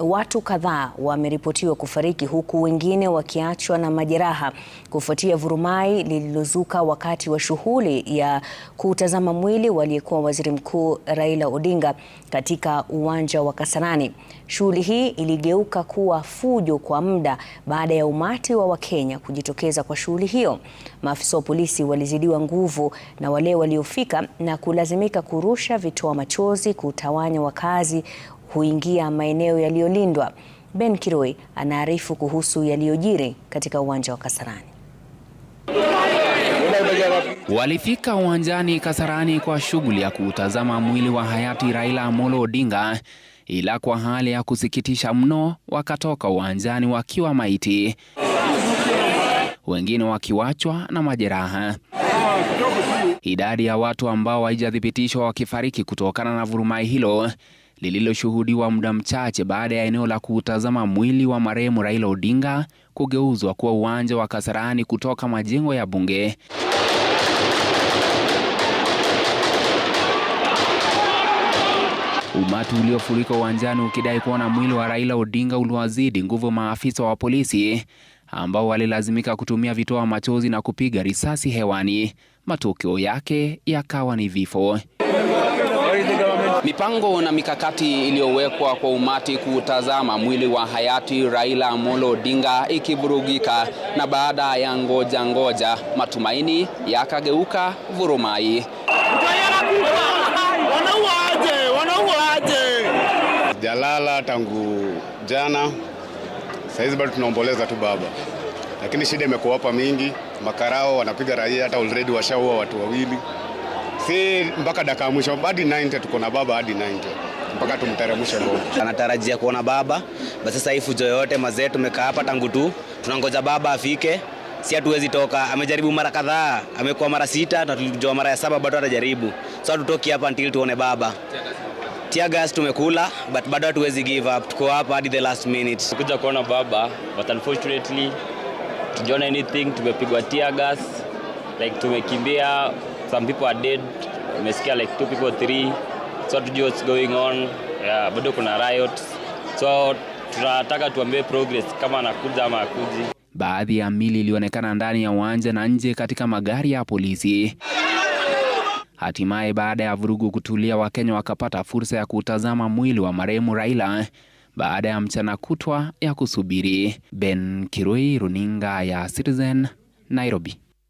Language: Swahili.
Watu kadhaa wameripotiwa kufariki huku wengine wakiachwa na majeraha kufuatia vurumai lililozuka wakati wa shughuli ya kutazama mwili waliyekuwa Waziri Mkuu Raila Odinga katika uwanja wa Kasarani. Shughuli hii iligeuka kuwa fujo kwa muda baada ya umati wa Wakenya kujitokeza kwa shughuli hiyo. Maafisa wa polisi walizidiwa nguvu na wale waliofika na kulazimika kurusha vitoa machozi kutawanya wakazi huingia maeneo yaliyolindwa. Ben Kiroi anaarifu kuhusu yaliyojiri katika uwanja wa Kasarani. Walifika uwanjani Kasarani kwa shughuli ya kuutazama mwili wa hayati Raila Amolo Odinga, ila kwa hali ya kusikitisha mno wakatoka uwanjani wakiwa maiti, wengine wakiwachwa na majeraha. Idadi ya watu ambao haijathibitishwa wakifariki kutokana na vurumai hilo lililoshuhudiwa muda mchache baada ya eneo la kuutazama mwili wa marehemu Raila Odinga kugeuzwa kuwa uwanja wa Kasarani kutoka majengo ya bunge. Umati uliofurika uwanjani ukidai kuona mwili wa Raila Odinga uliwazidi nguvu maafisa wa polisi ambao walilazimika kutumia vitoa machozi na kupiga risasi hewani. Matokeo yake yakawa ni vifo. Mipango na mikakati iliyowekwa kwa umati kutazama mwili wa hayati Raila Amolo Odinga ikivurugika, na baada ya ngoja ngoja matumaini yakageuka vurumai. Jalala tangu jana, saizi bado tunaomboleza tu baba, lakini shida imekuwa hapa mingi. Makarao wanapiga raia, hata already washaua watu wawili si mpaka dakika mwisho hadi 90 tuko na baba hadi 90 mpaka tumteremshe goal. Anatarajia kuona baba, basi sasa hii fujo yote mazee, tumekaa hapa tangu tu tunangoja baba afike, si hatuwezi toka. Amejaribu mara kadhaa, amekuwa mara sita na tulijua mara ya saba bado atajaribu, so hatutoki hapa until tuone baba. Tear gas tumekula but bado hatuwezi give up, tuko hapa hadi the last minute kuja kuona baba, but unfortunately tujiona anything, tumepigwa tear gas like tumekimbia some people are dead, umesikia like two people three, so tujue what's going on yeah, bado kuna riot so tunataka tuambie progress kama anakuja ama akuji. Baadhi ya mili ilionekana ndani ya uwanja na nje katika magari ya polisi. Hatimaye, baada ya vurugu kutulia, Wakenya wakapata fursa ya kutazama mwili wa marehemu Raila baada ya mchana kutwa ya kusubiri. Ben Kirui, runinga ya Citizen, Nairobi.